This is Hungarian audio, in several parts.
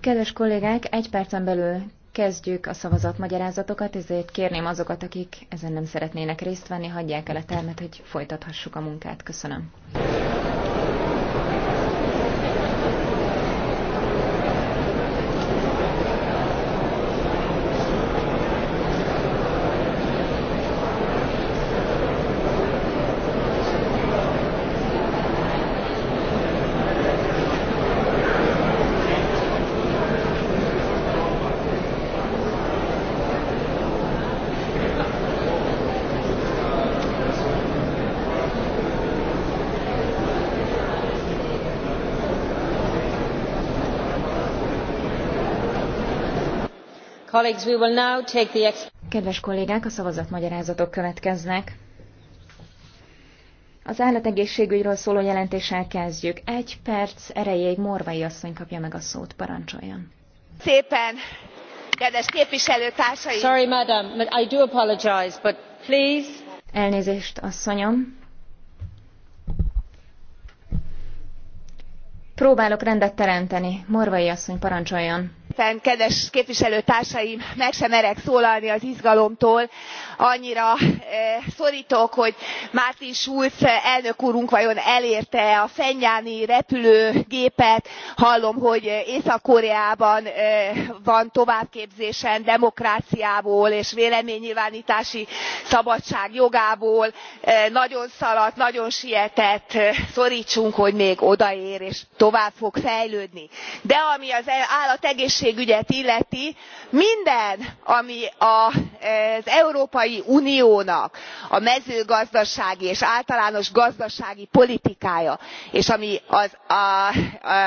Kedves kollégák, egy percen belül kezdjük a szavazatmagyarázatokat, ezért kérném azokat, akik ezen nem szeretnének részt venni, hagyják el a termet, hogy folytathassuk a munkát. Köszönöm. Kedves kollégák, a szavazatmagyarázatok következnek. Az állategészségügyről szóló jelentéssel kezdjük. Egy perc erejéig Morvai asszony kapja meg a szót, parancsoljon. Szépen, kedves képviselőtársaim! Sorry, madam, but I do apologize, but please... Elnézést, asszonyom. Próbálok rendet teremteni. Morvai asszony, parancsoljon kedves képviselőtársaim meg sem merek szólalni az izgalomtól annyira eh, szortok hogy martin schulz elnök úrunk vajon elérte e a fennyáni repülőgépet hallom hogy észak koreában eh, van továbbképzésen demokráciából és véleménynyilvántási szabadság jogából eh, nagyon szaladt nagyon sietett szortsunk hogy még odaér és tovább fog fejlődni de ami az állategészségügyet egészségügyet illeti minden ami az európai uniónak a mezőgazdasági és általános gazdasági politikája és ami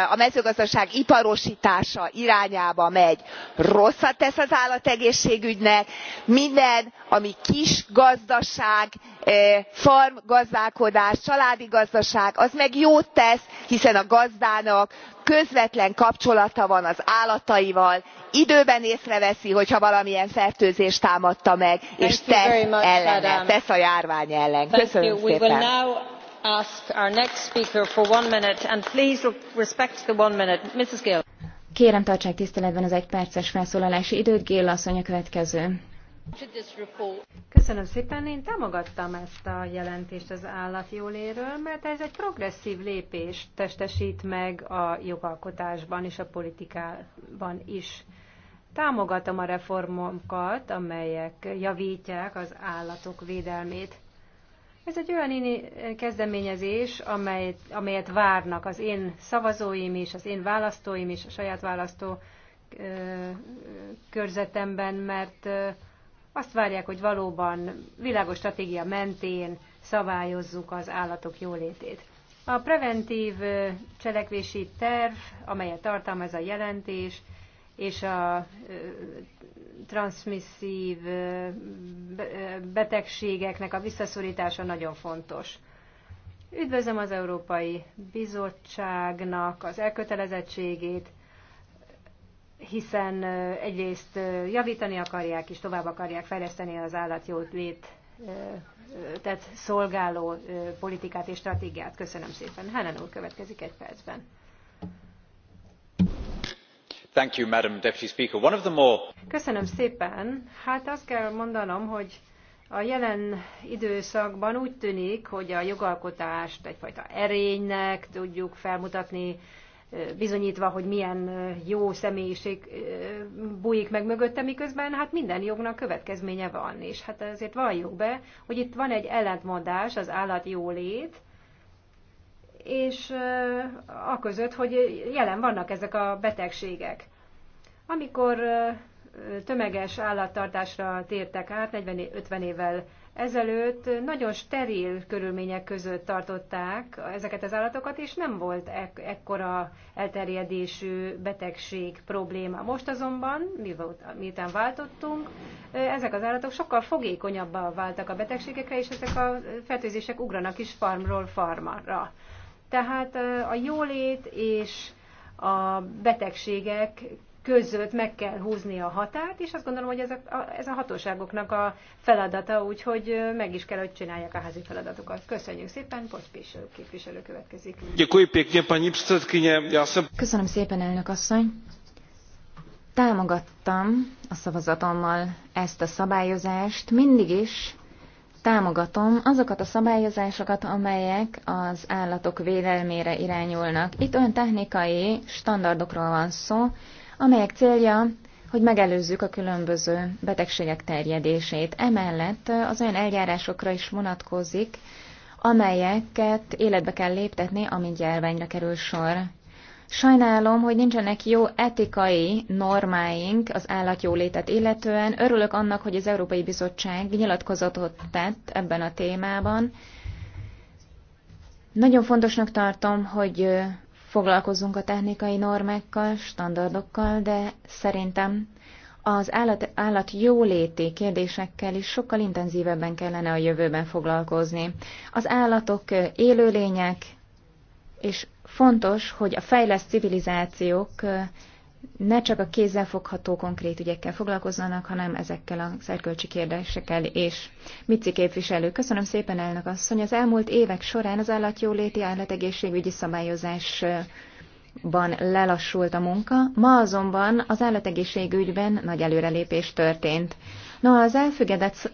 a mezőgazdaság iparostása irányába megy rosszat tesz az állategészségügynek minden ami kis gazdaság e, farmgazdálkodás családi gazdaság az meg jót tesz hiszen a gazdának közvetlen kapcsolata van az állataival időben észreveszi hogyha valamilyen fertőzés támadta meg és tesz ellene tesz a járvány ellen. köszönöm kérem tartsák tiszteletben az egyperces felszólalási időt. gill asszony a következő. Köszönöm szépen, én támogattam ezt a jelentést az állatjóléről, mert ez egy progresszív lépés, testesít meg a jogalkotásban és a politikában is. Támogatom a reformokat, amelyek javítják az állatok védelmét. Ez egy olyan kezdeményezés, amelyet, amelyet várnak az én szavazóim is, az én választóim is, a saját választó körzetemben, mert azt várják, hogy valóban világos stratégia mentén szabályozzuk az állatok jólétét. A preventív cselekvési terv, amelyet tartalmaz a jelentés, és a transmisszív betegségeknek a visszaszorítása nagyon fontos. Üdvözlöm az Európai Bizottságnak az elkötelezettségét, hiszen egyrészt javítani akarják és tovább akarják fejleszteni az állatjólét tehát szolgáló politikát és stratégiát. Köszönöm szépen. Helen úr következik egy percben. Thank you, Madam Deputy Speaker. One of the more... Köszönöm szépen. Hát azt kell mondanom, hogy a jelen időszakban úgy tűnik, hogy a jogalkotást egyfajta erénynek tudjuk felmutatni, bizonyítva, hogy milyen jó személyiség bújik meg mögötte, miközben hát minden jognak következménye van, és hát ezért valljuk be, hogy itt van egy ellentmondás az állat jólét, és a között, hogy jelen vannak ezek a betegségek. Amikor tömeges állattartásra tértek át 40-50 évvel ezelőtt nagyon steril körülmények között tartották ezeket az állatokat, és nem volt ek- ekkora elterjedésű betegség probléma. Most azonban, miután váltottunk, ezek az állatok sokkal fogékonyabbá váltak a betegségekre, és ezek a fertőzések ugranak is farmról farmra. Tehát a jólét és a betegségek között meg kell húzni a határt, és azt gondolom, hogy ez a, a, ez a hatóságoknak a feladata, úgyhogy meg is kell, hogy csinálják a házi feladatokat. Köszönjük szépen, Pospis képviselő következik. Köszönöm szépen, elnök asszony. Támogattam a szavazatommal ezt a szabályozást, mindig is támogatom azokat a szabályozásokat, amelyek az állatok védelmére irányulnak. Itt olyan technikai standardokról van szó, amelyek célja, hogy megelőzzük a különböző betegségek terjedését. Emellett az olyan eljárásokra is vonatkozik, amelyeket életbe kell léptetni, amint járványra kerül sor. Sajnálom, hogy nincsenek jó etikai normáink az állatjólétet illetően. Örülök annak, hogy az Európai Bizottság nyilatkozatot tett ebben a témában. Nagyon fontosnak tartom, hogy foglalkozzunk a technikai normákkal, standardokkal, de szerintem az állat, állat jóléti kérdésekkel is sokkal intenzívebben kellene a jövőben foglalkozni. Az állatok élőlények, és fontos, hogy a fejleszt civilizációk ne csak a fogható konkrét ügyekkel foglalkozzanak, hanem ezekkel a szerkölcsi kérdésekkel és Mici képviselő, köszönöm szépen elnök asszony, az elmúlt évek során az állatjóléti állategészségügyi szabályozásban lelassult a munka, ma azonban az állategészségügyben nagy előrelépés történt. No, az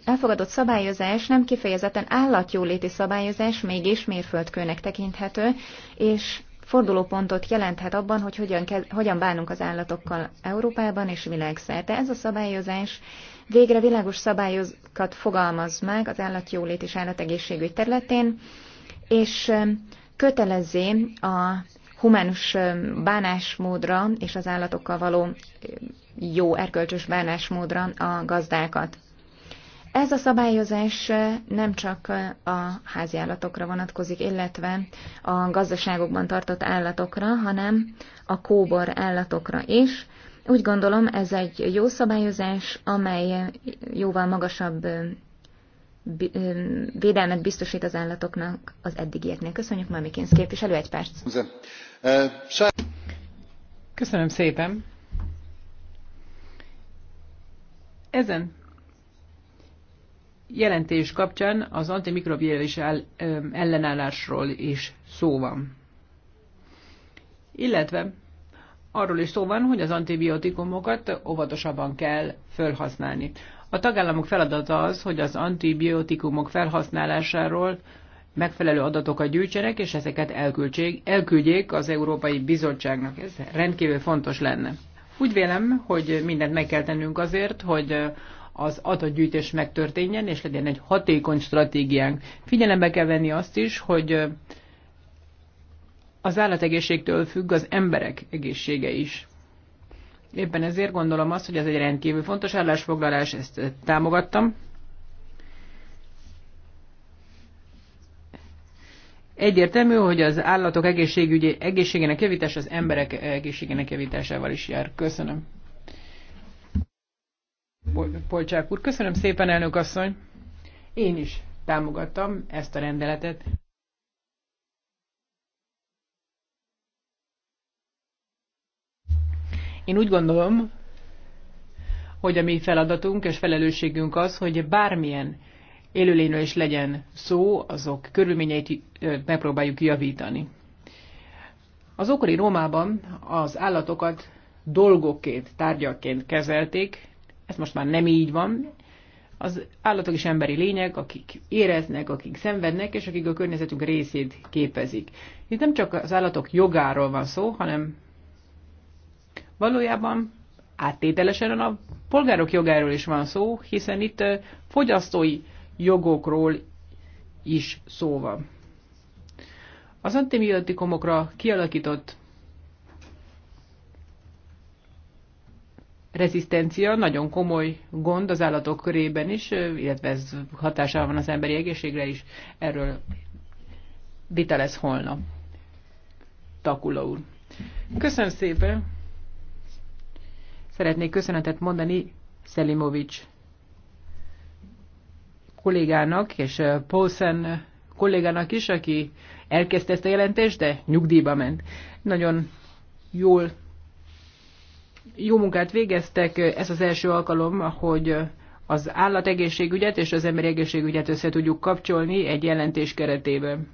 elfogadott szabályozás nem kifejezetten állatjóléti szabályozás, mégis mérföldkőnek tekinthető, és fordulópontot jelenthet abban, hogy hogyan, hogyan bánunk az állatokkal Európában és világszerte. Ez a szabályozás végre világos szabályokat fogalmaz meg az állatjólét és állategészségügy területén, és kötelezi a humánus bánásmódra és az állatokkal való jó erkölcsös bánásmódra a gazdákat. Ez a szabályozás nem csak a háziállatokra vonatkozik, illetve a gazdaságokban tartott állatokra, hanem a kóbor állatokra is. Úgy gondolom, ez egy jó szabályozás, amely jóval magasabb védelmet biztosít az állatoknak az eddigieknél. Köszönjük, Mamikinsz képviselő, egy perc. Köszönöm szépen. Ezen jelentés kapcsán az antimikrobiális ellenállásról is szó van. Illetve arról is szó van, hogy az antibiotikumokat óvatosabban kell felhasználni. A tagállamok feladata az, hogy az antibiotikumok felhasználásáról megfelelő adatokat gyűjtsenek, és ezeket elküldjék, elküldjék az Európai Bizottságnak. Ez rendkívül fontos lenne. Úgy vélem, hogy mindent meg kell tennünk azért, hogy az adatgyűjtés megtörténjen, és legyen egy hatékony stratégiánk. Figyelembe kell venni azt is, hogy az állategészségtől függ az emberek egészsége is. Éppen ezért gondolom azt, hogy ez egy rendkívül fontos állásfoglalás, ezt támogattam. Egyértelmű, hogy az állatok egészségügyi, egészségének javítása az emberek egészségének javításával is jár. Köszönöm. Polcsák úr. Köszönöm szépen, elnök asszony. Én is támogattam ezt a rendeletet. Én úgy gondolom, hogy a mi feladatunk és felelősségünk az, hogy bármilyen élőlényről is legyen szó, azok körülményeit megpróbáljuk javítani. Az okori Rómában az állatokat dolgokként, tárgyakként kezelték, ez most már nem így van. Az állatok is emberi lények, akik éreznek, akik szenvednek, és akik a környezetünk részét képezik. Itt nem csak az állatok jogáról van szó, hanem valójában áttételesen a polgárok jogáról is van szó, hiszen itt fogyasztói jogokról is szó van. Az antibiotikumokra kialakított rezisztencia nagyon komoly gond az állatok körében is, illetve ez hatással van az emberi egészségre is. Erről vita lesz holnap. Takula úr. Köszönöm szépen. Szeretnék köszönetet mondani Szelimovics kollégának és Paulsen kollégának is, aki elkezdte ezt a jelentést, de nyugdíjba ment. Nagyon jól jó munkát végeztek, ez az első alkalom, hogy az állategészségügyet és az emberi egészségügyet össze tudjuk kapcsolni egy jelentés keretében.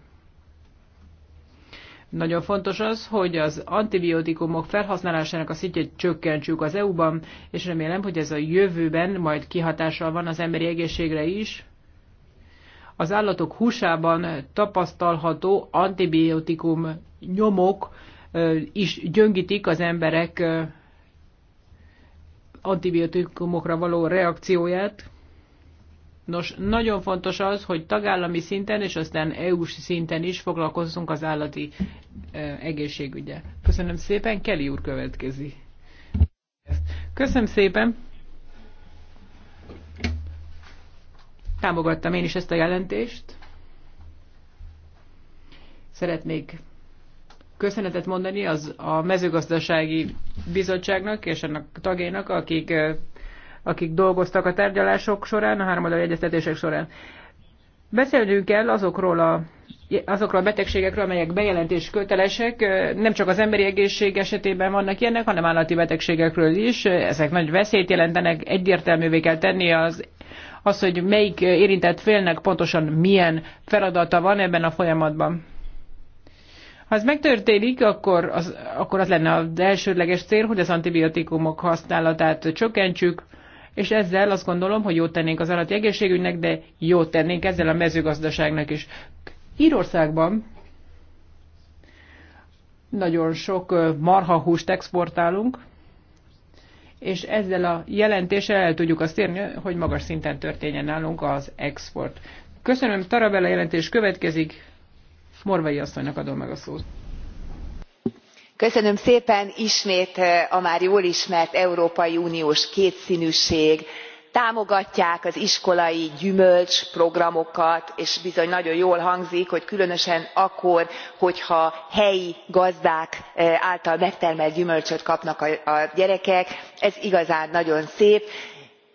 Nagyon fontos az, hogy az antibiotikumok felhasználásának a szintjét csökkentsük az EU-ban, és remélem, hogy ez a jövőben majd kihatással van az emberi egészségre is. Az állatok húsában tapasztalható antibiotikum nyomok is gyöngítik az emberek antibiotikumokra való reakcióját. Nos, nagyon fontos az, hogy tagállami szinten és aztán EU-s szinten is foglalkozzunk az állati egészségügye. Köszönöm szépen, Kelly úr következi. Köszönöm szépen! Támogattam én is ezt a jelentést. Szeretnék köszönetet mondani az a mezőgazdasági bizottságnak és annak tagjainak, akik, akik dolgoztak a tárgyalások során, a háromadai egyeztetések során. Beszélnünk kell azokról a, azokról a betegségekről, amelyek bejelentés kötelesek. Nem csak az emberi egészség esetében vannak ilyenek, hanem állati betegségekről is. Ezek nagy veszélyt jelentenek, egyértelművé kell tenni az az, hogy melyik érintett félnek pontosan milyen feladata van ebben a folyamatban. Ha ez megtörténik, akkor az, akkor az lenne az elsődleges cél, hogy az antibiotikumok használatát csökkentsük, és ezzel azt gondolom, hogy jót tennénk az állati egészségügynek, de jót tennénk ezzel a mezőgazdaságnak is. Írországban nagyon sok marhahúst exportálunk, és ezzel a jelentéssel el tudjuk azt érni, hogy magas szinten történjen nálunk az export. Köszönöm, Tarabella jelentés következik morvai asszonynak adom meg a szót köszönöm szépen ismét a már jól ismert európai uniós kétszínűség támogatják az iskolai gyümölcsprogramokat és bizony nagyon jól hangzik hogy különösen akkor hogyha helyi gazdák által megtermelt gyümölcsöt kapnak a gyerekek ez igazán nagyon szép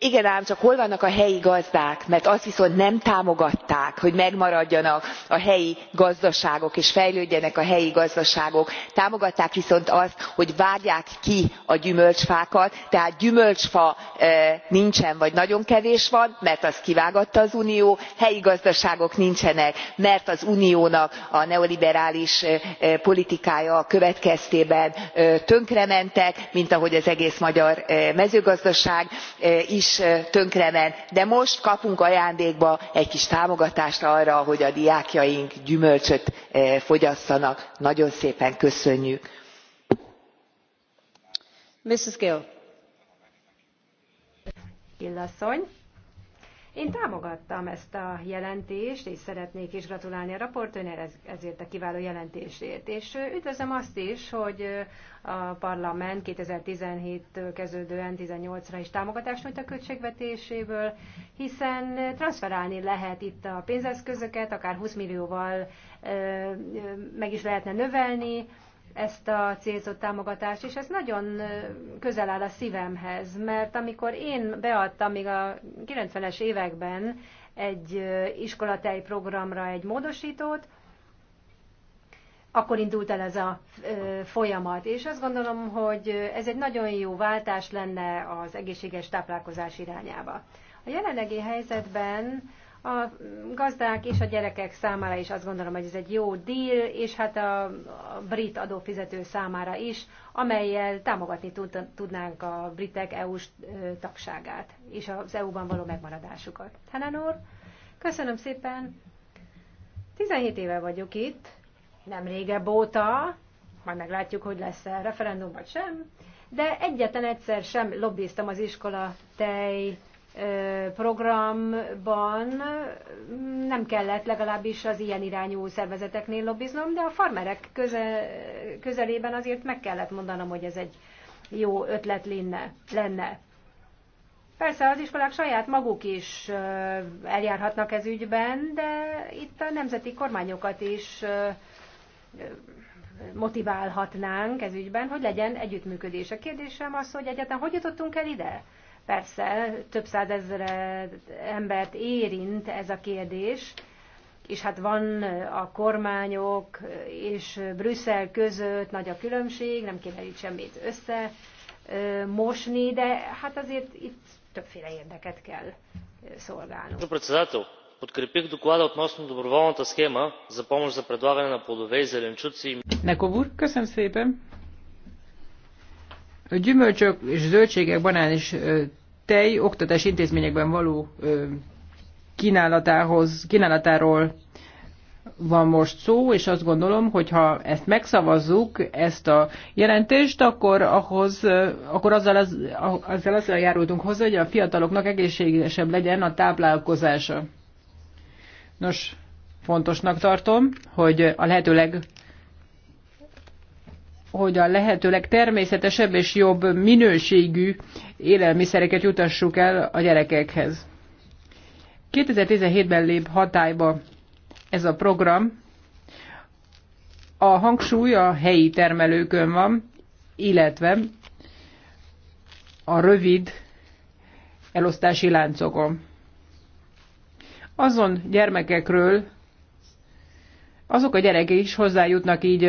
igen ám csak hol vannak a helyi gazdák mert azt viszont nem támogatták hogy megmaradjanak a helyi gazdaságok és fejlődjenek a helyi gazdaságok támogatták viszont azt hogy vágják ki a gyümölcsfákat tehát gyümölcsfa nincsen vagy nagyon kevés van mert azt kivágatta az unió helyi gazdaságok nincsenek mert az uniónak a neoliberális politikája következtében tönkrementek mint ahogy az egész magyar mezőgazdaság is is tönkrement de most kapunk ajándékba egy kis támogatást arra hogy a diákjaink gyümölcsöt fogyasszanak nagyon szépen köszönjük! gill én támogattam ezt a jelentést, és szeretnék is gratulálni a raportőnél ezért a kiváló jelentésért. És üdvözlöm azt is, hogy a parlament 2017-től kezdődően 18-ra is támogatást nyújt a költségvetéséből, hiszen transferálni lehet itt a pénzeszközöket, akár 20 millióval meg is lehetne növelni, ezt a célzott támogatást, és ez nagyon közel áll a szívemhez, mert amikor én beadtam még a 90-es években egy iskolatei programra egy módosítót, akkor indult el ez a folyamat, és azt gondolom, hogy ez egy nagyon jó váltás lenne az egészséges táplálkozás irányába. A jelenlegi helyzetben a gazdák és a gyerekek számára is azt gondolom, hogy ez egy jó deal, és hát a, a brit adófizető számára is, amelyel támogatni tud, tudnánk a britek EU-s tagságát és az EU-ban való megmaradásukat. Helen úr, köszönöm szépen. 17 éve vagyok itt, nem régebb óta, majd meglátjuk, hogy lesz-e referendum vagy sem, de egyetlen egyszer sem lobbiztam az iskola tej programban nem kellett legalábbis az ilyen irányú szervezeteknél lobbiznom, de a farmerek köze, közelében azért meg kellett mondanom, hogy ez egy jó ötlet lenne. lenne. Persze az iskolák saját maguk is eljárhatnak ez ügyben, de itt a nemzeti kormányokat is motiválhatnánk ez ügyben, hogy legyen együttműködés. A kérdésem az, hogy egyáltalán hogy jutottunk el ide? Persze, több százezer embert érint ez a kérdés, és hát van a kormányok és Brüsszel között nagy a különbség, nem kéne itt semmit össze mosni, de hát azért itt többféle érdeket kell szolgálnunk. Подкрепих доклада относно доброволната схема за помощ за предлагане на плодове и зеленчуци. Неков úr, köszönöm szépen! gyümölcsök és zöldségek, banán és tej oktatás intézményekben való kínálatához, kínálatáról van most szó, és azt gondolom, hogy ha ezt megszavazzuk, ezt a jelentést, akkor, ahhoz, akkor azzal, az, azzal azzal járultunk hozzá, hogy a fiataloknak egészségesebb legyen a táplálkozása. Nos, fontosnak tartom, hogy a lehetőleg hogy a lehetőleg természetesebb és jobb minőségű élelmiszereket jutassuk el a gyerekekhez. 2017-ben lép hatályba ez a program. A hangsúly a helyi termelőkön van, illetve a rövid elosztási láncokon. Azon gyermekekről azok a gyerekek is hozzájutnak így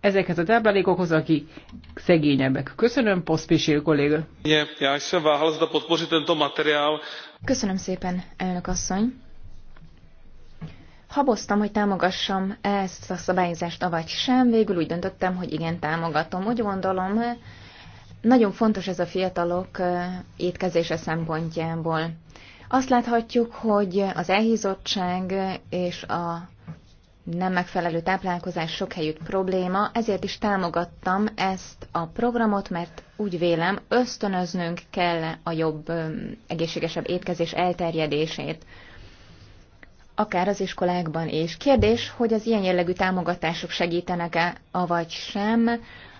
ezekhez a táplálékokhoz, akik szegényebbek. Köszönöm, Poszpisil kolléga. Szóval Köszönöm szépen, elnök asszony. Haboztam, hogy támogassam ezt a szabályozást, avagy sem. Végül úgy döntöttem, hogy igen, támogatom. Úgy gondolom, nagyon fontos ez a fiatalok étkezése szempontjából. Azt láthatjuk, hogy az elhízottság és a nem megfelelő táplálkozás sok helyütt probléma, ezért is támogattam ezt a programot, mert úgy vélem, ösztönöznünk kell a jobb, egészségesebb étkezés elterjedését, akár az iskolákban is. Kérdés, hogy az ilyen jellegű támogatások segítenek-e, avagy sem,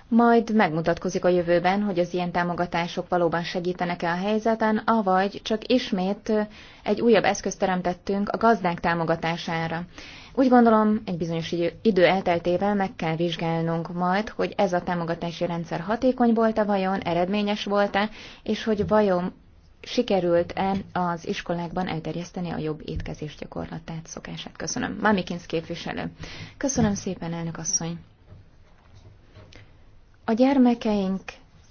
majd megmutatkozik a jövőben, hogy az ilyen támogatások valóban segítenek-e a helyzeten, avagy csak ismét egy újabb eszközt teremtettünk a gazdák támogatására. Úgy gondolom, egy bizonyos idő elteltével meg kell vizsgálnunk majd, hogy ez a támogatási rendszer hatékony volt-e vajon, eredményes volt-e, és hogy vajon sikerült-e az iskolákban elterjeszteni a jobb étkezés gyakorlatát, szokását. Köszönöm. Mamikinsz képviselő. Köszönöm szépen, elnök asszony. A gyermekeink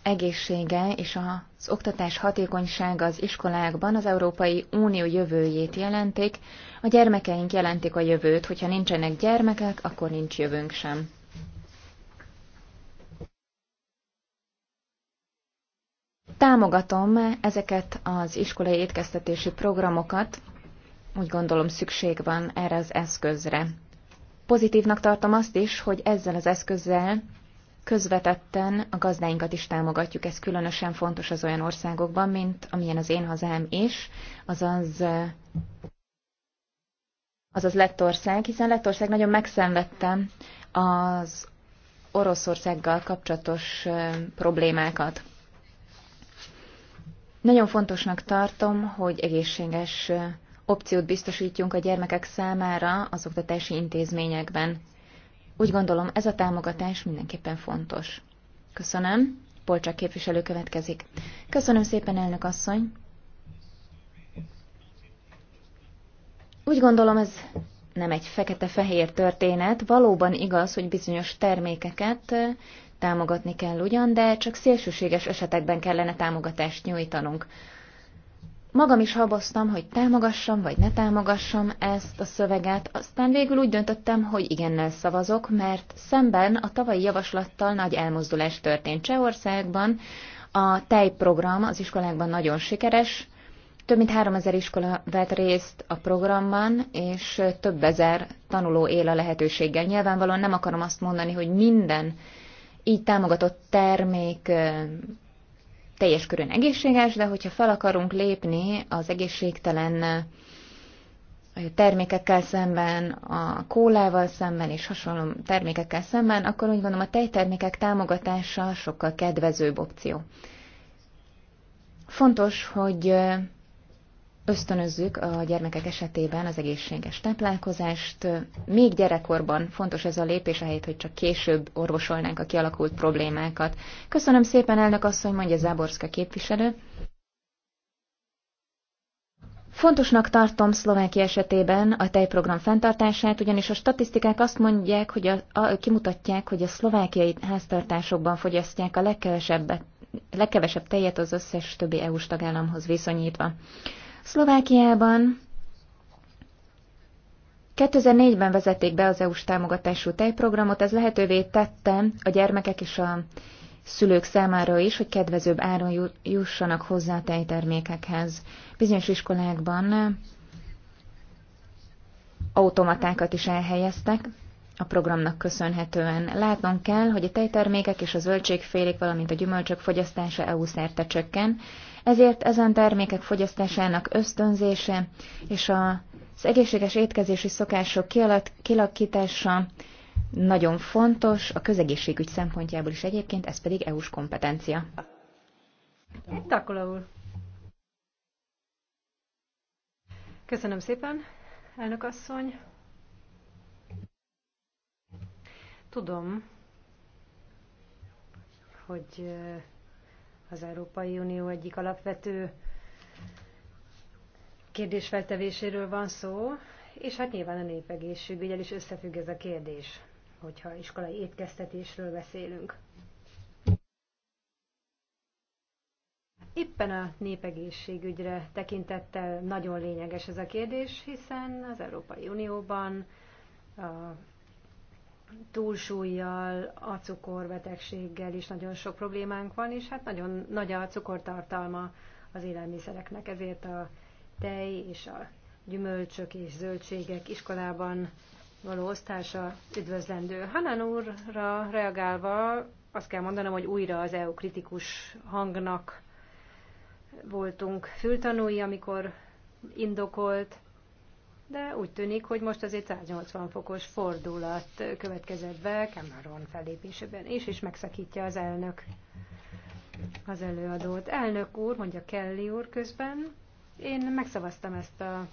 egészsége és az oktatás hatékonysága az iskolákban az Európai Unió jövőjét jelentik, a gyermekeink jelentik a jövőt, hogyha nincsenek gyermekek, akkor nincs jövőnk sem. Támogatom ezeket az iskolai étkeztetési programokat, úgy gondolom szükség van erre az eszközre. Pozitívnak tartom azt is, hogy ezzel az eszközzel közvetetten a gazdáinkat is támogatjuk. Ez különösen fontos az olyan országokban, mint amilyen az én hazám is, azaz azaz Lettország, hiszen Lettország nagyon megszenvedte az Oroszországgal kapcsolatos problémákat. Nagyon fontosnak tartom, hogy egészséges opciót biztosítjunk a gyermekek számára az oktatási intézményekben. Úgy gondolom, ez a támogatás mindenképpen fontos. Köszönöm. Polcsak képviselő következik. Köszönöm szépen, elnök asszony. Úgy gondolom, ez nem egy fekete-fehér történet. Valóban igaz, hogy bizonyos termékeket támogatni kell ugyan, de csak szélsőséges esetekben kellene támogatást nyújtanunk magam is haboztam, hogy támogassam vagy ne támogassam ezt a szöveget, aztán végül úgy döntöttem, hogy igennel szavazok, mert szemben a tavalyi javaslattal nagy elmozdulás történt Csehországban, a tejprogram az iskolákban nagyon sikeres, több mint 3000 iskola vett részt a programban, és több ezer tanuló él a lehetőséggel. Nyilvánvalóan nem akarom azt mondani, hogy minden így támogatott termék teljes körön egészséges, de hogyha fel akarunk lépni az egészségtelen termékekkel szemben, a kólával szemben és hasonló termékekkel szemben, akkor úgy gondolom a tejtermékek támogatása sokkal kedvezőbb opció. Fontos, hogy ösztönözzük a gyermekek esetében az egészséges táplálkozást. Még gyerekkorban fontos ez a lépés, ahelyett, hogy csak később orvosolnánk a kialakult problémákat. Köszönöm szépen, elnök asszony, mondja Záborszka képviselő. Fontosnak tartom Szlovákia esetében a tejprogram fenntartását, ugyanis a statisztikák azt mondják, hogy a, a, kimutatják, hogy a szlovákiai háztartásokban fogyasztják a legkevesebb, legkevesebb tejet az összes többi EU-s tagállamhoz viszonyítva. Szlovákiában 2004-ben vezették be az EU-s támogatású tejprogramot, ez lehetővé tette a gyermekek és a szülők számára is, hogy kedvezőbb áron jussanak hozzá a tejtermékekhez. Bizonyos iskolákban automatákat is elhelyeztek, a programnak köszönhetően. Látnunk kell, hogy a tejtermékek és a zöldségfélék, valamint a gyümölcsök fogyasztása EU szerte csökken, ezért ezen termékek fogyasztásának ösztönzése és az egészséges étkezési szokások kialakítása nagyon fontos, a közegészségügy szempontjából is egyébként, ez pedig EU-s kompetencia. Takula úr. Köszönöm szépen, elnök asszony. Tudom, hogy az Európai Unió egyik alapvető kérdésfeltevéséről van szó, és hát nyilván a népegészségügyel is összefügg ez a kérdés, hogyha iskolai étkeztetésről beszélünk. Éppen a népegészségügyre tekintettel nagyon lényeges ez a kérdés, hiszen az Európai Unióban a túlsúlyjal, a cukorbetegséggel is nagyon sok problémánk van, és hát nagyon nagy a cukortartalma az élelmiszereknek, ezért a tej és a gyümölcsök és zöldségek iskolában való osztása üdvözlendő. Hanan úrra reagálva azt kell mondanom, hogy újra az EU kritikus hangnak voltunk fültanúi, amikor indokolt, de úgy tűnik, hogy most azért 180 fokos fordulat következett be Cameron fellépésében is, és megszakítja az elnök az előadót. Elnök úr, mondja Kelly úr közben, én megszavaztam ezt a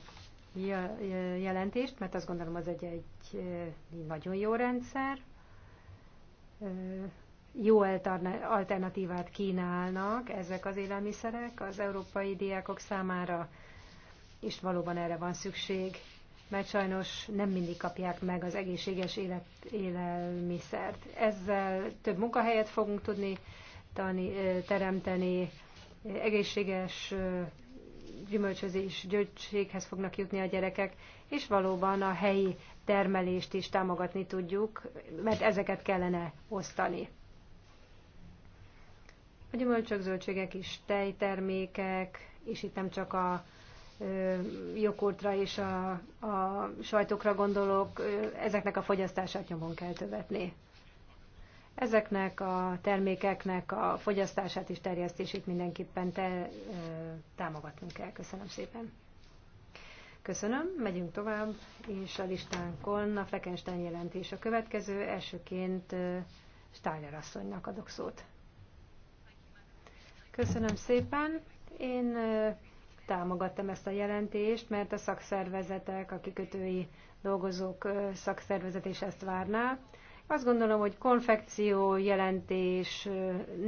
jelentést, mert azt gondolom az egy, egy nagyon jó rendszer, jó alternatívát kínálnak ezek az élelmiszerek az európai diákok számára, és valóban erre van szükség, mert sajnos nem mindig kapják meg az egészséges élet, élelmiszert. Ezzel több munkahelyet fogunk tudni tani, teremteni, egészséges gyümölcsözés, gyöcséghez fognak jutni a gyerekek, és valóban a helyi termelést is támogatni tudjuk, mert ezeket kellene osztani. A gyümölcsök, zöldségek is tejtermékek, és itt nem csak a jogurtra és a, a sajtokra gondolok, ezeknek a fogyasztását nyomon kell követni. Ezeknek a termékeknek a fogyasztását és terjesztését mindenképpen te, támogatnunk kell. Köszönöm szépen. Köszönöm, megyünk tovább, és a listánkon a Fleckenstein jelentés a következő. Elsőként Steiner asszonynak adok szót. Köszönöm szépen. Én támogattam ezt a jelentést, mert a szakszervezetek, a kikötői dolgozók szakszervezet is ezt várná. Azt gondolom, hogy konfekció jelentés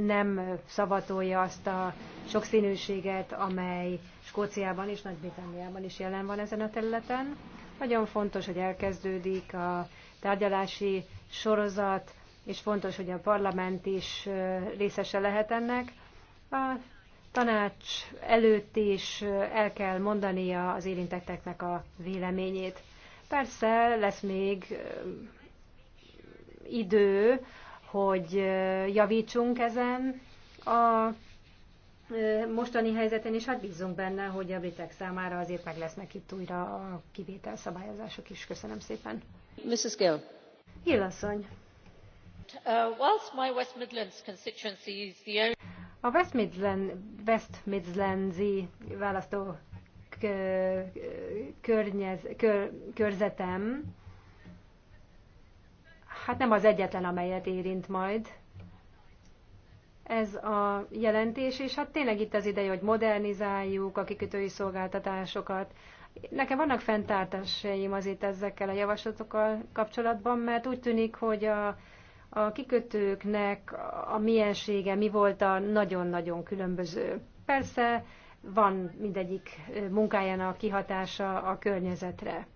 nem szavatolja azt a sokszínűséget, amely Skóciában és Nagy-Britanniában is jelen van ezen a területen. Nagyon fontos, hogy elkezdődik a tárgyalási sorozat, és fontos, hogy a parlament is részese lehet ennek. A tanács előtt is el kell mondania az érintetteknek a véleményét. Persze lesz még idő, hogy javítsunk ezen a mostani helyzeten, és hát bízunk benne, hogy a britek számára azért meg lesznek itt újra a kivételszabályozások is. Köszönöm szépen. Mrs. Gill. Gill asszony. Uh, whilst my West Midlands constituency is the only a West, Midland, West Midlandsi választó környez, kör, körzetem, hát nem az egyetlen, amelyet érint majd ez a jelentés, és hát tényleg itt az ideje, hogy modernizáljuk a kikötői szolgáltatásokat. Nekem vannak fenntartásaim azért ezekkel a javaslatokkal kapcsolatban, mert úgy tűnik, hogy a a kikötőknek a miensége, mi volt a nagyon-nagyon különböző. Persze van mindegyik munkájának kihatása a környezetre.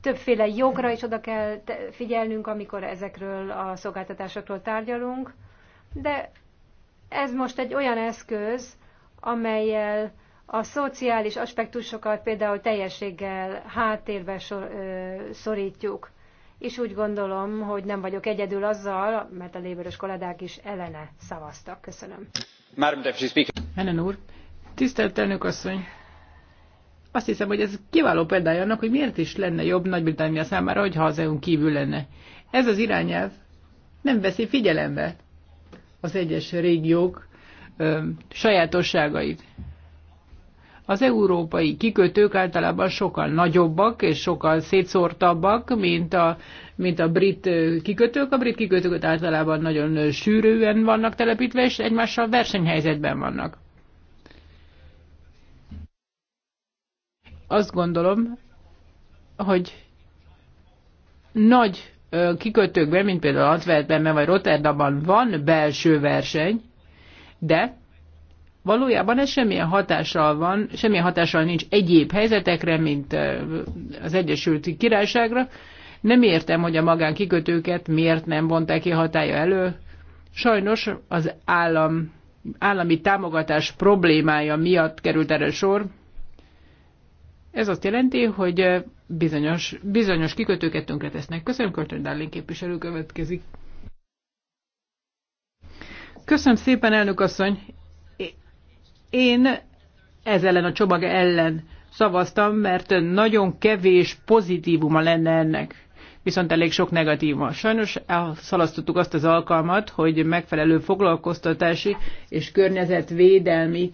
Többféle jogra is oda kell figyelnünk, amikor ezekről a szolgáltatásokról tárgyalunk, de ez most egy olyan eszköz, amelyel a szociális aspektusokat például teljességgel háttérbe sor, ö, szorítjuk. És úgy gondolom, hogy nem vagyok egyedül azzal, mert a léberes kollégák is ellene szavaztak. Köszönöm. Hennen úr, tisztelt elnök asszony, azt hiszem, hogy ez kiváló példája annak, hogy miért is lenne jobb Nagy-Britannia számára, hogyha az EU-n kívül lenne. Ez az irányelv nem veszi figyelembe az egyes régiók ö, sajátosságait. Az európai kikötők általában sokkal nagyobbak és sokkal szétszórtabbak, mint a, mint a brit kikötők. A brit kikötők általában nagyon sűrűen vannak telepítve, és egymással versenyhelyzetben vannak. Azt gondolom, hogy nagy kikötőkben, mint például Antwerpenben vagy Rotterdamban van belső verseny, de valójában ez semmilyen hatással van, semmilyen hatással nincs egyéb helyzetekre, mint az Egyesült Királyságra. Nem értem, hogy a magánkikötőket miért nem vonták ki hatája elő. Sajnos az állam, állami támogatás problémája miatt került erre sor. Ez azt jelenti, hogy bizonyos, bizonyos kikötőket tönkretesznek. Köszönöm, Körtön Darling képviselő következik. Köszönöm szépen, elnök asszony. Én ez ellen a csomag ellen szavaztam, mert nagyon kevés pozitívuma lenne ennek viszont elég sok negatíva. Sajnos elszalasztottuk azt az alkalmat, hogy megfelelő foglalkoztatási és környezetvédelmi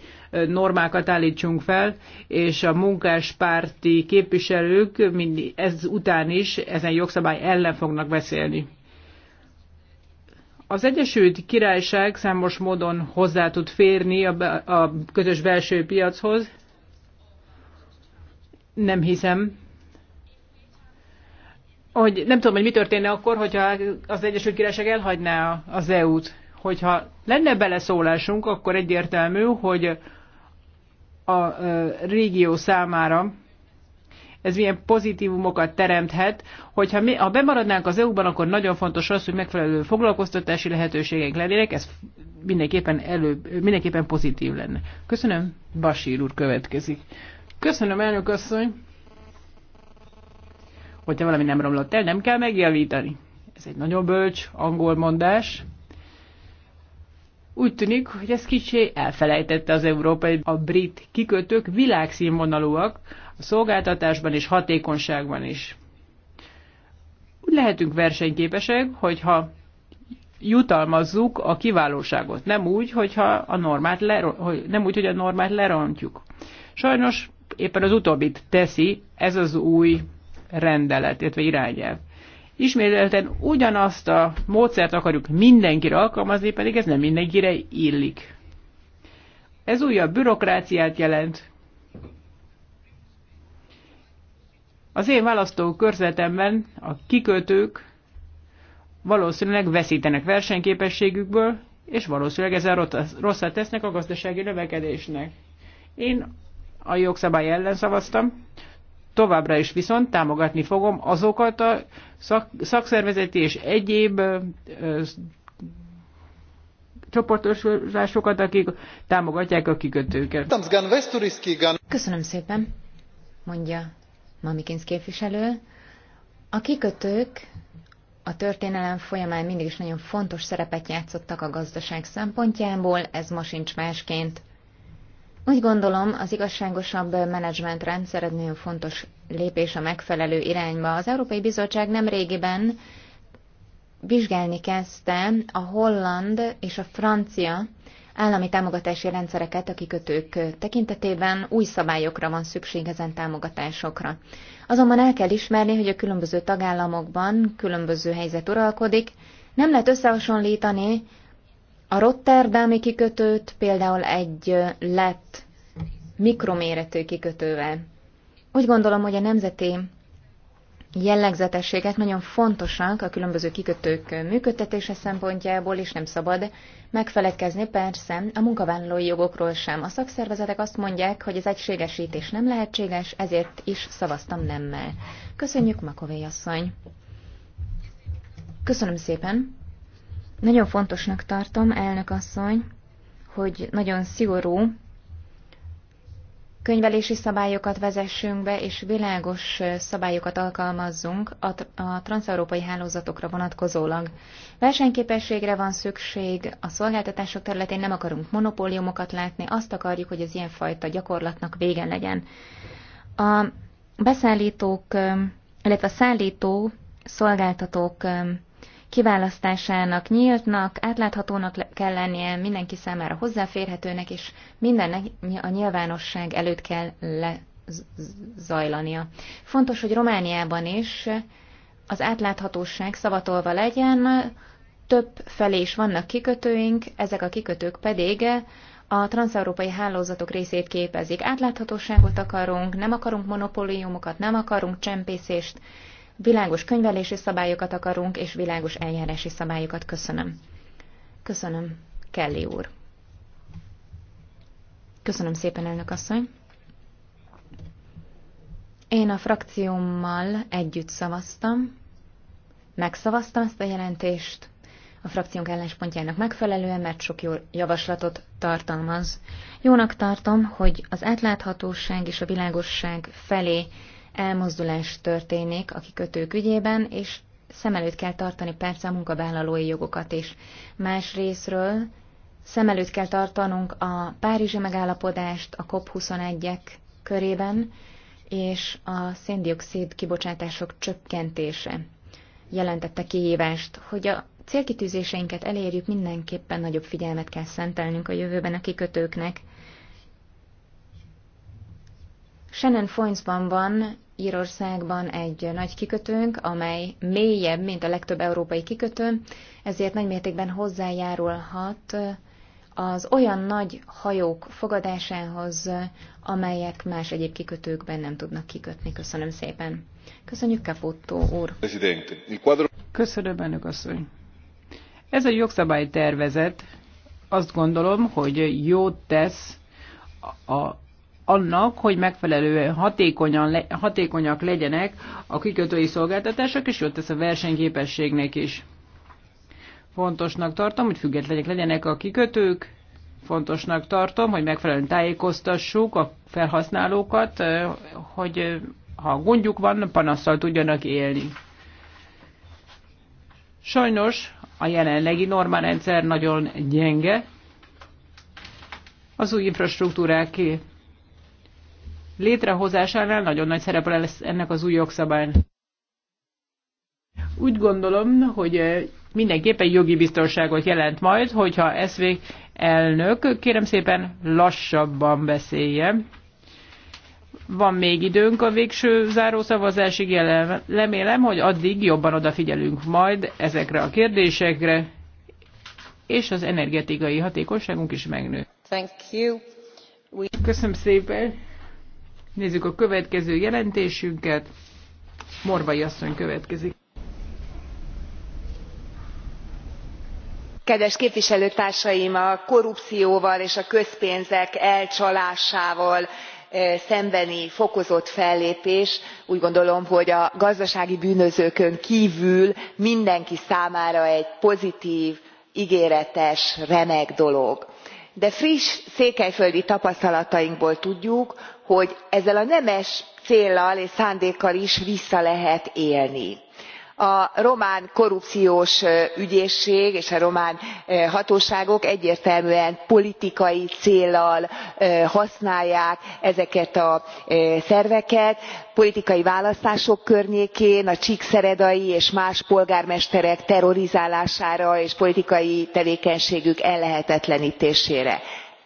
normákat állítsunk fel, és a munkáspárti képviselők mind ez után is ezen jogszabály ellen fognak beszélni. Az Egyesült Királyság számos módon hozzá tud férni a, a közös belső piachoz. Nem hiszem, hogy nem tudom, hogy mi történne akkor, hogyha az Egyesült Királyság elhagyná az EU-t. Hogyha lenne beleszólásunk, akkor egyértelmű, hogy a régió számára ez milyen pozitívumokat teremthet, hogyha mi, ha bemaradnánk az EU-ban, akkor nagyon fontos az, hogy megfelelő foglalkoztatási lehetőségeink lennének, ez mindenképpen, elő mindenképpen pozitív lenne. Köszönöm, Basír úr következik. Köszönöm, elnök asszony, hogyha valami nem romlott el, nem kell megjavítani. Ez egy nagyon bölcs angol mondás. Úgy tűnik, hogy ez kicsi elfelejtette az európai, a brit kikötők világszínvonalúak, szolgáltatásban és hatékonyságban is. Úgy lehetünk versenyképesek, hogyha jutalmazzuk a kiválóságot, nem úgy, hogyha a normát lero- nem úgy, hogy a normát lerontjuk. Sajnos éppen az utóbbit teszi ez az új rendelet, illetve irányelv. Ismételten ugyanazt a módszert akarjuk mindenkire alkalmazni, pedig ez nem mindenkire illik. Ez újabb bürokráciát jelent, Az én választó körzetemben a kikötők valószínűleg veszítenek versenyképességükből, és valószínűleg ezzel rosszat tesznek a gazdasági növekedésnek. Én a jogszabály ellen szavaztam, továbbra is viszont támogatni fogom azokat a szak, szakszervezeti és egyéb ö, ö, csoportosulásokat, akik támogatják a kikötőket. Köszönöm szépen, mondja Mamikinsz képviselő. A kikötők a történelem folyamán mindig is nagyon fontos szerepet játszottak a gazdaság szempontjából, ez ma sincs másként. Úgy gondolom, az igazságosabb menedzsment rendszer egy nagyon fontos lépés a megfelelő irányba. Az Európai Bizottság nem régiben vizsgálni kezdte a holland és a francia állami támogatási rendszereket a kikötők tekintetében új szabályokra van szükség ezen támogatásokra. Azonban el kell ismerni, hogy a különböző tagállamokban különböző helyzet uralkodik, nem lehet összehasonlítani a Rotterdami kikötőt például egy lett mikroméretű kikötővel. Úgy gondolom, hogy a nemzeti jellegzetességek nagyon fontosak a különböző kikötők működtetése szempontjából, és nem szabad megfeledkezni persze a munkavállalói jogokról sem. A szakszervezetek azt mondják, hogy az egységesítés nem lehetséges, ezért is szavaztam nemmel. Köszönjük, Makové asszony! Köszönöm szépen! Nagyon fontosnak tartom, elnök asszony, hogy nagyon szigorú könyvelési szabályokat vezessünk be, és világos szabályokat alkalmazzunk a, a transzeurópai hálózatokra vonatkozólag. Versenyképességre van szükség, a szolgáltatások területén nem akarunk monopóliumokat látni, azt akarjuk, hogy az ilyenfajta gyakorlatnak vége legyen. A beszállítók, illetve a szállító szolgáltatók kiválasztásának nyíltnak, átláthatónak kell lennie, mindenki számára hozzáférhetőnek, és mindennek a nyilvánosság előtt kell lezajlania. Fontos, hogy Romániában is az átláthatóság szavatolva legyen, több felé is vannak kikötőink, ezek a kikötők pedig a transzeurópai hálózatok részét képezik. Átláthatóságot akarunk, nem akarunk monopóliumokat, nem akarunk csempészést, Világos könyvelési szabályokat akarunk, és világos eljárási szabályokat köszönöm. Köszönöm, Kelly úr. Köszönöm szépen, elnök asszony. Én a frakciómmal együtt szavaztam, megszavaztam ezt a jelentést, a frakciónk álláspontjának megfelelően, mert sok jó javaslatot tartalmaz. Jónak tartom, hogy az átláthatóság és a világosság felé elmozdulás történik a kikötők ügyében, és szem előtt kell tartani persze a munkavállalói jogokat is. Más részről szem előtt kell tartanunk a Párizsi megállapodást a COP21-ek körében, és a széndiokszid kibocsátások csökkentése jelentette kihívást, hogy a célkitűzéseinket elérjük, mindenképpen nagyobb figyelmet kell szentelnünk a jövőben a kikötőknek. Shannon Foynesban van Írországban egy nagy kikötőnk, amely mélyebb, mint a legtöbb európai kikötő, ezért nagymértékben hozzájárulhat az olyan nagy hajók fogadásához, amelyek más egyéb kikötőkben nem tudnak kikötni. Köszönöm szépen. Köszönjük Caputo úr. Köszönöm, elnök asszony. Ez a jogszabálytervezet azt gondolom, hogy jót tesz a annak, hogy megfelelően hatékonyan, hatékonyak legyenek a kikötői szolgáltatások, és jött ez a versenyképességnek is. Fontosnak tartom, hogy függetlenek legyenek a kikötők, fontosnak tartom, hogy megfelelően tájékoztassuk a felhasználókat, hogy ha gondjuk van, panaszsal tudjanak élni. Sajnos a jelenlegi normarendszer nagyon gyenge, az új infrastruktúrák létrehozásánál nagyon nagy szerepe lesz ennek az új jogszabálynak. Úgy gondolom, hogy eh, mindenképpen jogi biztonságot jelent majd, hogyha SZV elnök, kérem szépen lassabban beszéljen. Van még időnk a végső zárószavazásig, remélem, hogy addig jobban odafigyelünk majd ezekre a kérdésekre, és az energetikai hatékonyságunk is megnő. Thank you. We... Köszönöm szépen. Nézzük a következő jelentésünket. Morvai asszony következik. kedves képviselőtársaim! a korrupcióval és a közpénzek elcsalásával szembeni fokozott fellépés úgy gondolom hogy a gazdasági bűnözőkön kívül mindenki számára egy pozitív, ígéretes, remek dolog de friss székelyföldi tapasztalatainkból tudjuk hogy ezzel a nemes céllal és szándékkal is vissza lehet élni a román korrupciós ügyészség és a román hatóságok egyértelműen politikai céllal használják ezeket a szerveket politikai választások környékén a csíkszeredai és más polgármesterek terrorizálására és politikai tevékenységük ellehetetlentésére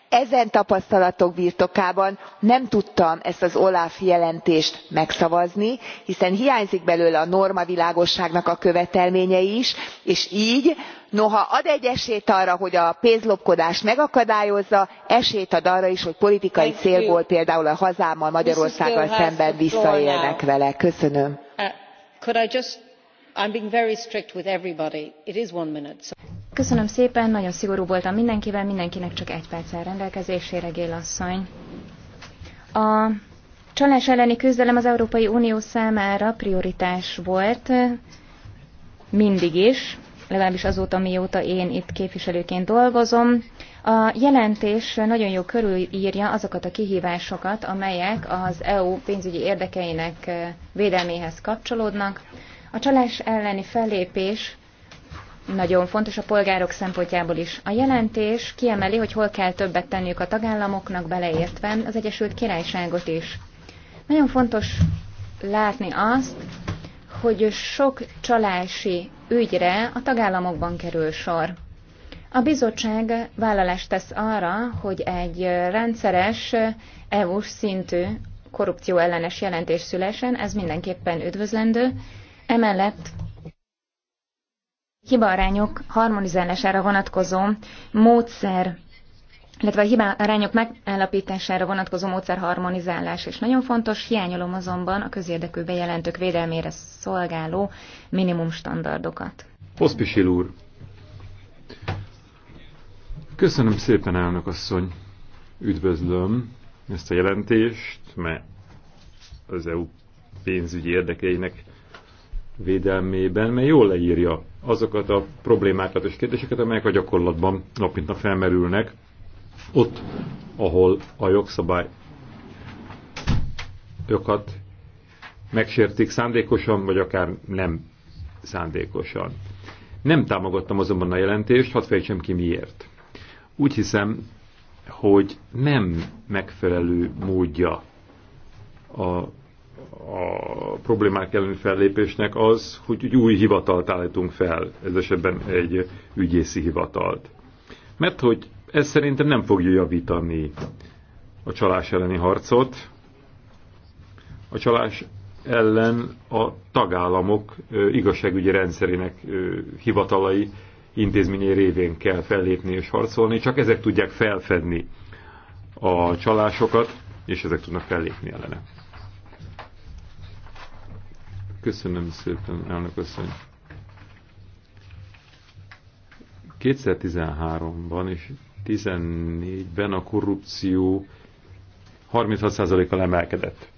ezen tapasztalatok birtokában nem tudtam ezt az olaf jelentést megszavazni hiszen hiányzik belőle a normavilágosságnak a követelménye is és gy noha ad egy esélyt arra hogy a pénzlopkodást megakadályozza esélyt ad arra is hogy politikai célból például a hazámmal magyarországgal szemben visszaélnek vele. köszönöm. Uh, Köszönöm szépen, nagyon szigorú voltam mindenkivel, mindenkinek csak egy perc áll rendelkezésére, asszony A csalás elleni küzdelem az Európai Unió számára prioritás volt, eh, mindig is, legalábbis azóta, mióta én itt képviselőként dolgozom. A jelentés nagyon jó körülírja azokat a kihívásokat, amelyek az EU pénzügyi érdekeinek eh, védelméhez kapcsolódnak. A csalás elleni fellépés nagyon fontos a polgárok szempontjából is. A jelentés kiemeli, hogy hol kell többet tenniük a tagállamoknak, beleértve az Egyesült Királyságot is. Nagyon fontos látni azt, hogy sok csalási ügyre a tagállamokban kerül sor. A bizottság vállalást tesz arra, hogy egy rendszeres, EU-s szintű korrupció ellenes jelentés szülesen, ez mindenképpen üdvözlendő, Emellett hibaarányok harmonizálására vonatkozó módszer, illetve a hibaarányok megállapítására vonatkozó módszer harmonizálás és nagyon fontos, hiányolom azonban a közérdekű bejelentők védelmére szolgáló minimum standardokat. Poszpisil úr! Köszönöm szépen, elnök asszony! Üdvözlöm ezt a jelentést, mert az EU pénzügyi érdekeinek védelmében, mely jól leírja azokat a problémákat és kérdéseket, amelyek a gyakorlatban nap mint nap felmerülnek, ott, ahol a jogszabályokat megsértik szándékosan, vagy akár nem szándékosan. Nem támogattam azonban a jelentést, hadd fejtsem ki miért. Úgy hiszem, hogy nem megfelelő módja a problémák elleni fellépésnek az, hogy egy új hivatalt állítunk fel, ez esetben egy ügyészi hivatalt. Mert hogy ez szerintem nem fogja javítani a csalás elleni harcot. A csalás ellen a tagállamok igazságügyi rendszerének hivatalai intézményei révén kell fellépni és harcolni, csak ezek tudják felfedni a csalásokat, és ezek tudnak fellépni ellene. Köszönöm szépen, elnök asszony. 2013-ban és 2014-ben a korrupció 36%-kal emelkedett.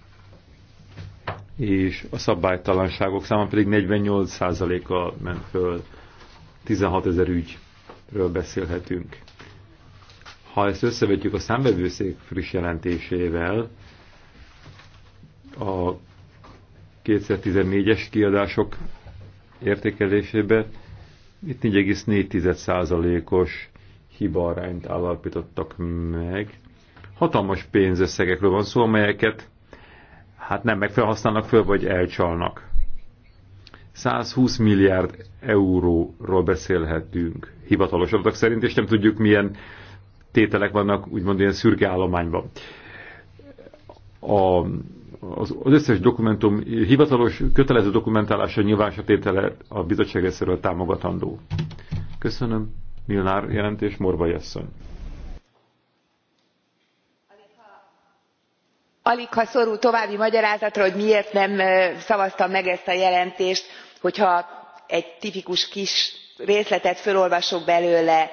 És a szabálytalanságok száma pedig 48%-kal ment föl. 16 ezer ügyről beszélhetünk. Ha ezt összevetjük a számvevőszék friss jelentésével, a 2014-es kiadások értékelésébe itt 4,4%-os hibarányt állapítottak meg. Hatalmas pénzösszegekről van szó, amelyeket hát nem megfelhasználnak használnak föl, vagy elcsalnak. 120 milliárd euróról beszélhetünk hivatalos adatok szerint, és nem tudjuk milyen tételek vannak úgymond ilyen szürke állományban. A az, az összes dokumentum, hivatalos, kötelező dokumentálása tétele a bizottság részéről támogatandó. Köszönöm. Milnár jelentés, morba jesszön. alig ha szorul további magyarázatra hogy miért nem szavaztam meg ezt a jelentést hogyha egy tipikus kis részletet felolvasok belőle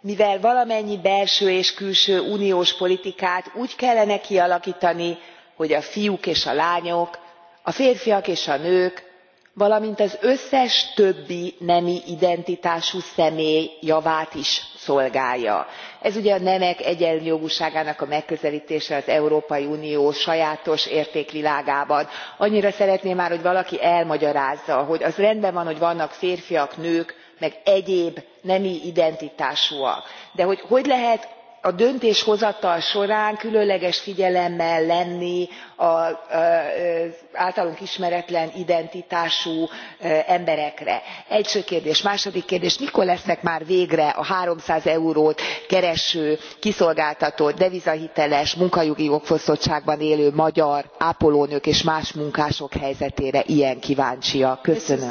mivel valamennyi belső és külső uniós politikát úgy kellene kialakítani, hogy a fiúk és a lányok a férfiak és a nők valamint az összes többi nemi identitású személy javát is szolgálja. ez ugye a nemek egyenjogúságának a megközeltése az európai unió sajátos értékvilágában. annyira szeretném már hogy valaki elmagyarázza hogy az rendben van hogy vannak férfiak nők meg egyéb nemi identitásúak de hogy hogy lehet a döntéshozatal során különleges figyelemmel lenni az általunk ismeretlen identitású emberekre? első kérdés. második kérdés mikor lesznek már végre a three hundred eurót kereső kiszolgáltatott devizahiteles munkajogi jogfosztottságban élő magyar ápolónők és más munkások helyzetére ilyen kváncsiak? köszönöm.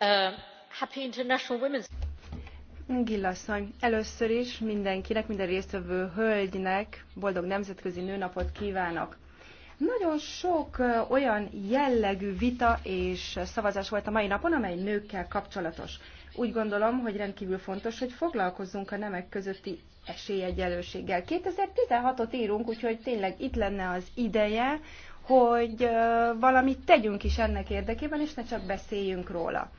Uh, happy international women's Gillasszony, először is mindenkinek, minden résztvevő hölgynek boldog nemzetközi nőnapot kívánok. Nagyon sok olyan jellegű vita és szavazás volt a mai napon, amely nőkkel kapcsolatos. Úgy gondolom, hogy rendkívül fontos, hogy foglalkozzunk a nemek közötti esélyegyelőséggel. 2016-ot írunk, úgyhogy tényleg itt lenne az ideje, hogy valamit tegyünk is ennek érdekében, és ne csak beszéljünk róla.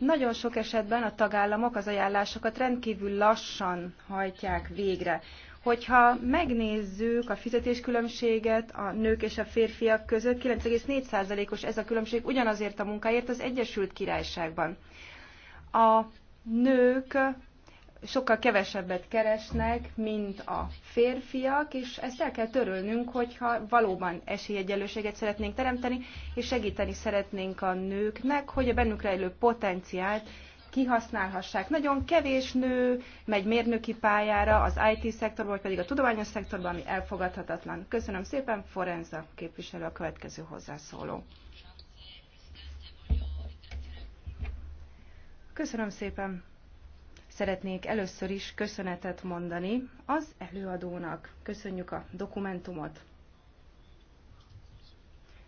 Nagyon sok esetben a tagállamok az ajánlásokat rendkívül lassan hajtják végre. Hogyha megnézzük a fizetéskülönbséget a nők és a férfiak között, 9,4%-os ez a különbség ugyanazért a munkáért az Egyesült Királyságban. A nők sokkal kevesebbet keresnek, mint a férfiak, és ezt el kell törölnünk, hogyha valóban esélyegyenlőséget szeretnénk teremteni, és segíteni szeretnénk a nőknek, hogy a bennük rejlő potenciált kihasználhassák. Nagyon kevés nő megy mérnöki pályára az IT szektorban, vagy pedig a tudományos szektorban, ami elfogadhatatlan. Köszönöm szépen, Forenza képviselő a következő hozzászóló. Köszönöm szépen szeretnék először is köszönetet mondani az előadónak. Köszönjük a dokumentumot.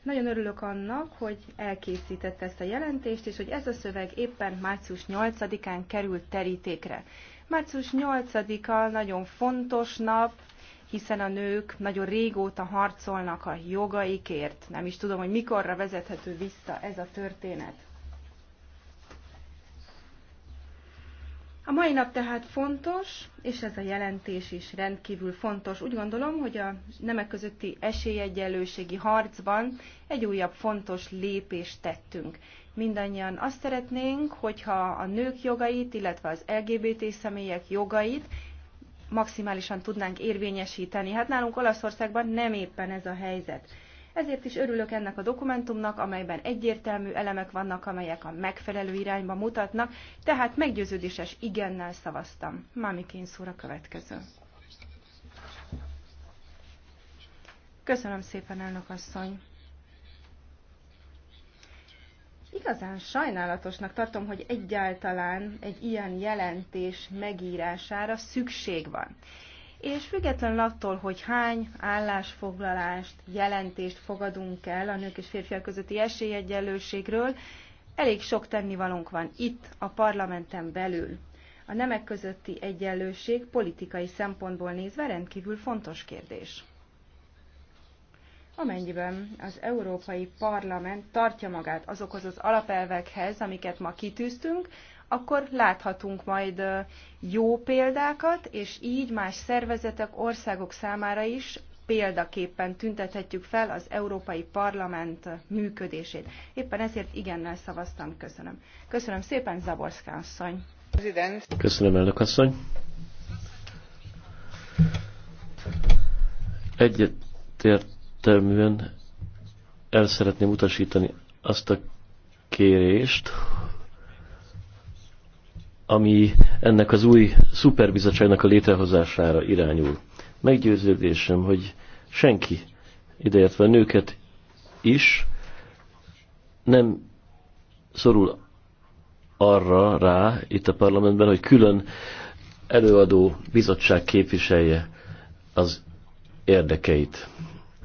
Nagyon örülök annak, hogy elkészítette ezt a jelentést, és hogy ez a szöveg éppen március 8-án került terítékre. Március 8-a nagyon fontos nap, hiszen a nők nagyon régóta harcolnak a jogaikért. Nem is tudom, hogy mikorra vezethető vissza ez a történet. A mai nap tehát fontos, és ez a jelentés is rendkívül fontos. Úgy gondolom, hogy a nemek közötti esélyegyenlőségi harcban egy újabb fontos lépést tettünk. Mindannyian azt szeretnénk, hogyha a nők jogait, illetve az LGBT személyek jogait maximálisan tudnánk érvényesíteni. Hát nálunk Olaszországban nem éppen ez a helyzet. Ezért is örülök ennek a dokumentumnak, amelyben egyértelmű elemek vannak, amelyek a megfelelő irányba mutatnak, tehát meggyőződéses igennel szavaztam. Mami a következő. Köszönöm szépen, elnök asszony! Igazán sajnálatosnak tartom, hogy egyáltalán egy ilyen jelentés megírására szükség van és függetlenül attól, hogy hány állásfoglalást, jelentést fogadunk el a nők és férfiak közötti esélyegyenlőségről, elég sok tennivalónk van itt, a parlamenten belül. A nemek közötti egyenlőség politikai szempontból nézve rendkívül fontos kérdés. Amennyiben az Európai Parlament tartja magát azokhoz az alapelvekhez, amiket ma kitűztünk, akkor láthatunk majd jó példákat, és így más szervezetek, országok számára is példaképpen tüntethetjük fel az Európai Parlament működését. Éppen ezért igennel szavaztam. Köszönöm. Köszönöm szépen, Zaborszka asszony. Köszönöm, elnök asszony. Egyetértelműen el szeretném utasítani azt a kérést, ami ennek az új szuperbizottságnak a létrehozására irányul. Meggyőződésem, hogy senki, ideértve nőket is, nem szorul arra rá itt a parlamentben, hogy külön előadó bizottság képviselje az érdekeit.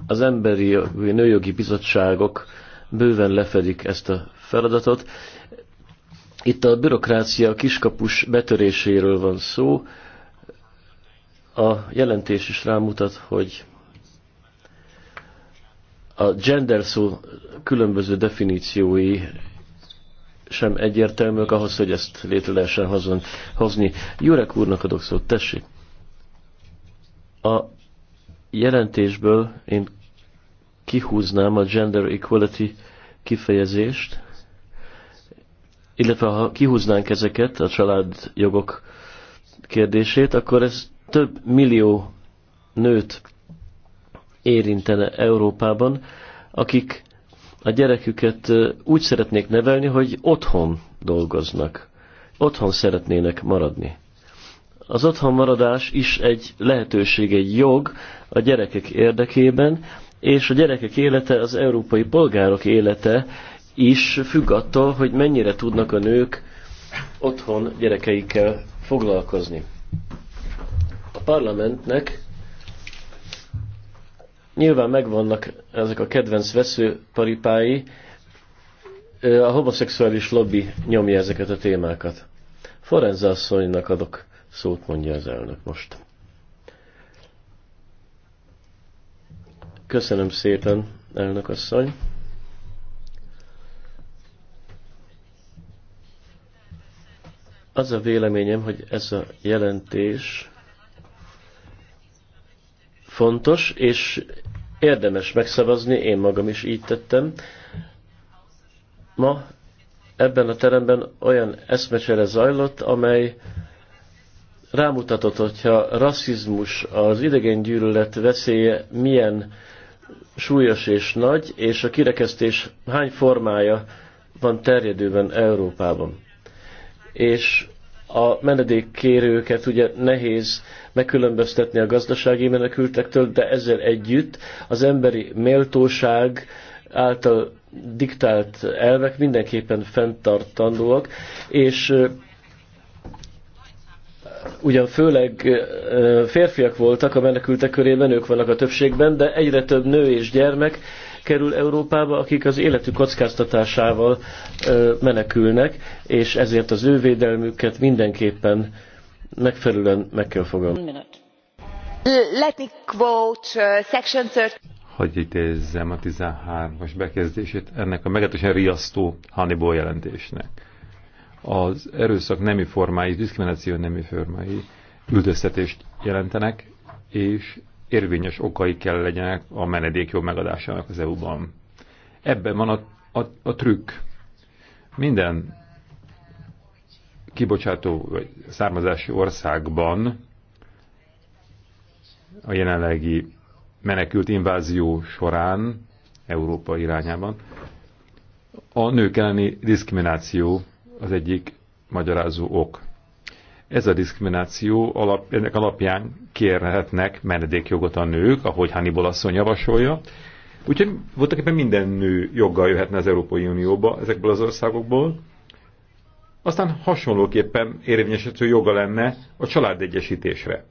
Az emberi nőjogi bizottságok bőven lefedik ezt a feladatot. Itt a bürokrácia kiskapus betöréséről van szó. A jelentés is rámutat, hogy a gender szó különböző definíciói sem egyértelműek ahhoz, hogy ezt létre lehessen hozni. Jurek úrnak adok szót, tessék. A jelentésből én kihúznám a gender equality kifejezést, illetve ha kihúznánk ezeket, a család jogok kérdését, akkor ez több millió nőt érintene Európában, akik a gyereküket úgy szeretnék nevelni, hogy otthon dolgoznak, otthon szeretnének maradni. Az otthon maradás is egy lehetőség, egy jog a gyerekek érdekében, és a gyerekek élete az európai polgárok élete is függ attól, hogy mennyire tudnak a nők otthon gyerekeikkel foglalkozni. A parlamentnek nyilván megvannak ezek a kedvenc veszőparipái, a homoszexuális lobby nyomja ezeket a témákat. Forenza asszonynak adok szót, mondja az elnök most. Köszönöm szépen, elnök asszony. Az a véleményem, hogy ez a jelentés fontos, és érdemes megszavazni, én magam is így tettem. Ma ebben a teremben olyan eszmecsere zajlott, amely rámutatott, hogyha rasszizmus, az idegengyűlölet veszélye milyen súlyos és nagy, és a kirekesztés hány formája van terjedőben Európában és a menedékkérőket ugye nehéz megkülönböztetni a gazdasági menekültektől, de ezzel együtt az emberi méltóság által diktált elvek mindenképpen fenntartandóak, és ugyan főleg férfiak voltak a menekültek körében, ők vannak a többségben, de egyre több nő és gyermek kerül Európába, akik az életük kockáztatásával menekülnek, és ezért az ő védelmüket mindenképpen megfelelően meg kell fogalmazni. Let me quote uh, section 30 hogy idézzem a 13-as bekezdését ennek a meglehetősen riasztó Hannibal jelentésnek. Az erőszak nemi formái, diszkrimináció nemi formái üldöztetést jelentenek, és érvényes okai kell legyenek a menedékjog megadásának az EU-ban. Ebben van a, a, a trükk. Minden kibocsátó vagy származási országban a jelenlegi menekült invázió során Európa irányában a nők elleni diszkrimináció az egyik magyarázó ok. Ez a diszkrimináció alap, ennek alapján kérhetnek menedékjogot a nők, ahogy Hannibal asszony javasolja. Úgyhogy voltak éppen minden nő joggal jöhetne az Európai Unióba ezekből az országokból. Aztán hasonlóképpen érvényesítő joga lenne a családegyesítésre.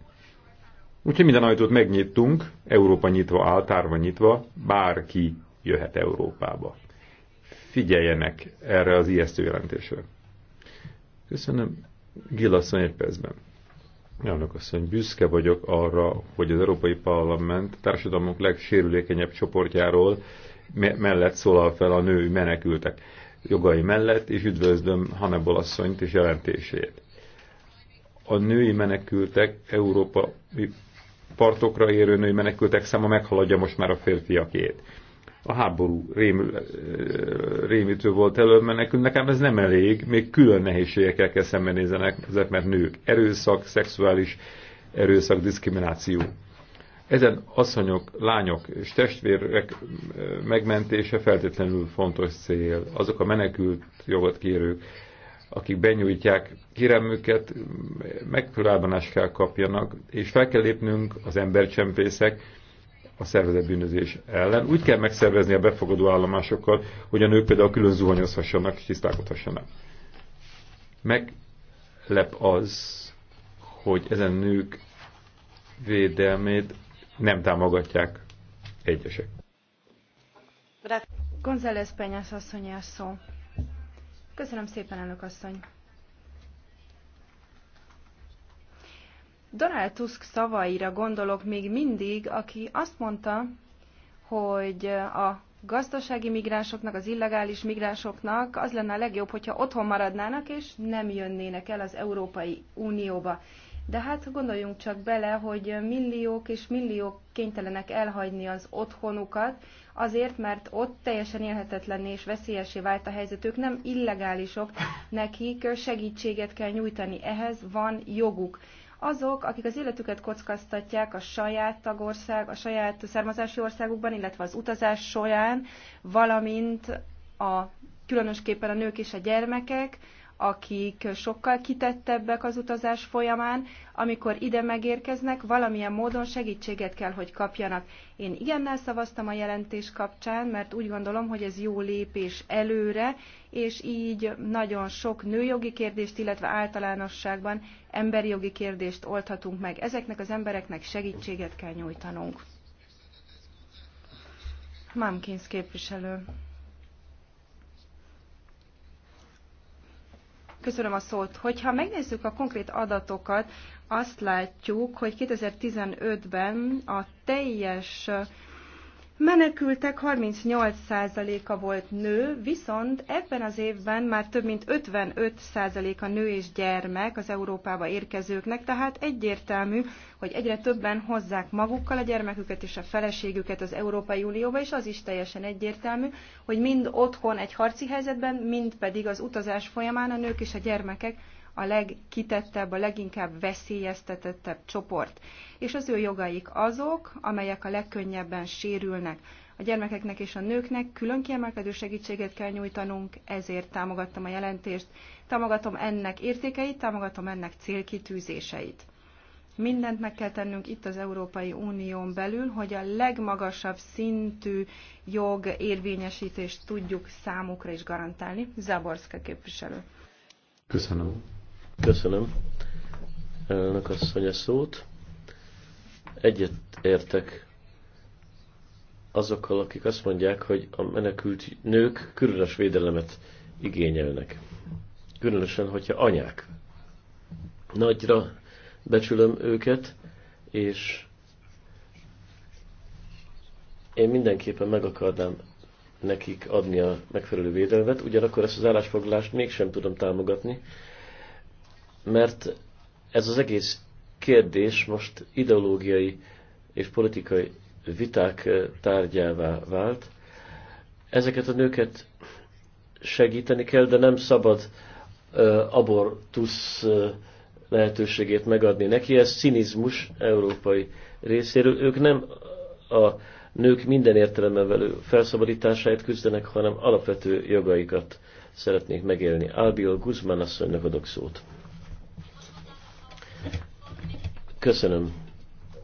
Úgyhogy minden ajtót megnyitunk, Európa nyitva áltárva nyitva, bárki jöhet Európába. Figyeljenek erre az ijesztő jelentésre. Köszönöm. Gilasszony egy percben. Elnök asszony, büszke vagyok arra, hogy az Európai Parlament társadalmunk legsérülékenyebb csoportjáról me mellett szólal fel a női menekültek jogai mellett, és üdvözlöm Hannibal asszonyt és jelentését. A női menekültek Európa partokra érő női menekültek száma meghaladja most már a férfiakét a háború rém, rémítő volt előbb, mert nekünk, nekem ez nem elég, még külön nehézségekkel kell szembenézenek, ezek mert nők. Erőszak, szexuális erőszak, diszkrimináció. Ezen asszonyok, lányok és testvérek megmentése feltétlenül fontos cél. Azok a menekült jogot kérők, akik benyújtják kérelmüket, megfelelő kell kapjanak, és fel kell lépnünk az embercsempészek, a szervezetbűnözés ellen. Úgy kell megszervezni a befogadó állomásokkal, hogy a nők például külön zuhanyozhassanak és tisztálkodhassanak. Meglep az, hogy ezen nők védelmét nem támogatják egyesek. González Penyász asszony szó. Köszönöm szépen, elnök asszony. Donald Tusk szavaira gondolok még mindig, aki azt mondta, hogy a gazdasági migránsoknak, az illegális migránsoknak az lenne a legjobb, hogyha otthon maradnának és nem jönnének el az Európai Unióba. De hát gondoljunk csak bele, hogy milliók és milliók kénytelenek elhagyni az otthonukat, azért, mert ott teljesen élhetetlenné és veszélyesé vált a helyzet. Ők nem illegálisok, nekik segítséget kell nyújtani, ehhez van joguk azok, akik az életüket kockáztatják a saját tagország, a saját származási országukban, illetve az utazás során, valamint a különösképpen a nők és a gyermekek, akik sokkal kitettebbek az utazás folyamán, amikor ide megérkeznek, valamilyen módon segítséget kell, hogy kapjanak. Én igennel szavaztam a jelentés kapcsán, mert úgy gondolom, hogy ez jó lépés előre, és így nagyon sok nőjogi kérdést, illetve általánosságban emberi jogi kérdést oldhatunk meg. Ezeknek az embereknek segítséget kell nyújtanunk. Mamkins képviselő. Köszönöm a szót. Hogyha megnézzük a konkrét adatokat, azt látjuk, hogy 2015-ben a teljes Menekültek 38%-a volt nő, viszont ebben az évben már több mint 55%-a nő és gyermek az Európába érkezőknek, tehát egyértelmű, hogy egyre többen hozzák magukkal a gyermeküket és a feleségüket az Európai Unióba, és az is teljesen egyértelmű, hogy mind otthon egy harci helyzetben, mind pedig az utazás folyamán a nők és a gyermekek a legkitettebb, a leginkább veszélyeztetettebb csoport. És az ő jogaik azok, amelyek a legkönnyebben sérülnek. A gyermekeknek és a nőknek külön kiemelkedő segítséget kell nyújtanunk, ezért támogattam a jelentést, támogatom ennek értékeit, támogatom ennek célkitűzéseit. Mindent meg kell tennünk itt az Európai Unión belül, hogy a legmagasabb szintű jog érvényesítést tudjuk számukra is garantálni. Zaborszka képviselő. Köszönöm. Köszönöm. Elnök asszony a szót. Egyet értek azokkal, akik azt mondják, hogy a menekült nők különös védelemet igényelnek. Különösen, hogyha anyák. Nagyra becsülöm őket, és én mindenképpen meg akarnám nekik adni a megfelelő védelmet, ugyanakkor ezt az állásfoglalást mégsem tudom támogatni, mert ez az egész kérdés most ideológiai és politikai viták eh, tárgyává vált. Ezeket a nőket segíteni kell, de nem szabad eh, abortusz eh, lehetőségét megadni neki. Ez cinizmus európai részéről. Ők nem a nők minden értelemben velő felszabadításáért küzdenek, hanem alapvető jogaikat szeretnék megélni. Albiol Guzmán asszonynak adok szót. Köszönöm,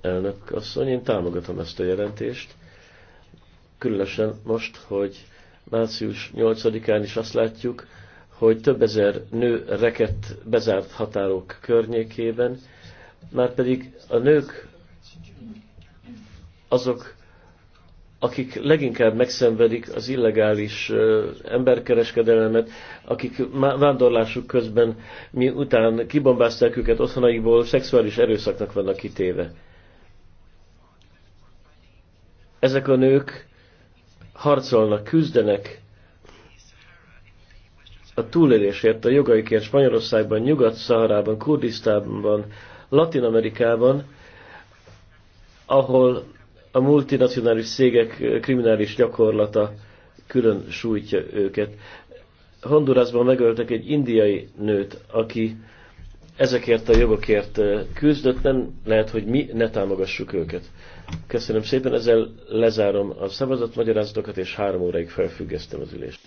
elnök asszony. Én támogatom ezt a jelentést. Különösen most, hogy március 8-án is azt látjuk, hogy több ezer nő rekett bezárt határok környékében, már pedig a nők azok akik leginkább megszenvedik az illegális emberkereskedelmet, akik vándorlásuk közben, miután kibombázták őket otthonaikból, szexuális erőszaknak vannak kitéve. Ezek a nők harcolnak, küzdenek a túlélésért, a jogaikért Spanyolországban, Nyugat-Szaharában, Kurdisztánban, Latin-Amerikában, ahol a multinacionális szégek kriminális gyakorlata külön sújtja őket. Hondurasban megöltek egy indiai nőt, aki ezekért a jogokért küzdött, nem lehet, hogy mi ne támogassuk őket. Köszönöm szépen, ezzel lezárom a szavazatmagyarázatokat, és három óraig felfüggesztem az ülést.